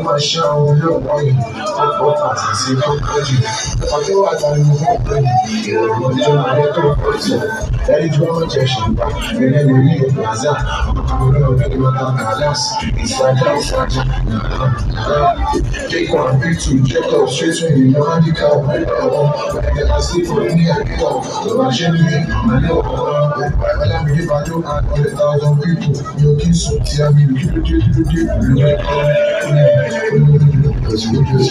nípa iṣẹ́ àwọn olóògbé yìí tó pọ̀ pàtàkì sí lọ́pọ̀ jù. Ọjọ́ wà tàbí mo fẹ́ pé ìròyìn ọjọ́ alẹ́ tó pọ̀ jù. Ẹni tí wọ́n jẹ ṣùgbà nílẹ̀ ní ilé Brazil, ọkùnrin olóògbé ni wọ́n ta Kalas, ìsàjà ìsàjà nàlá. Kíkọ́ àbítù jẹ́tọ̀ ṣètò ìlú Áníkà ọ̀pọ̀lọpọ̀ ẹ̀jẹ̀ àti ìfòrí ní àbíkọ̀ ìránṣẹ́ ní ìmọ̀lẹ́ ọ̀pọ̀lọpọ̀ ẹ̀jẹ̀ àti ìfòrí ní àbíkọ̀ Cause you just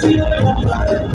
Thank you.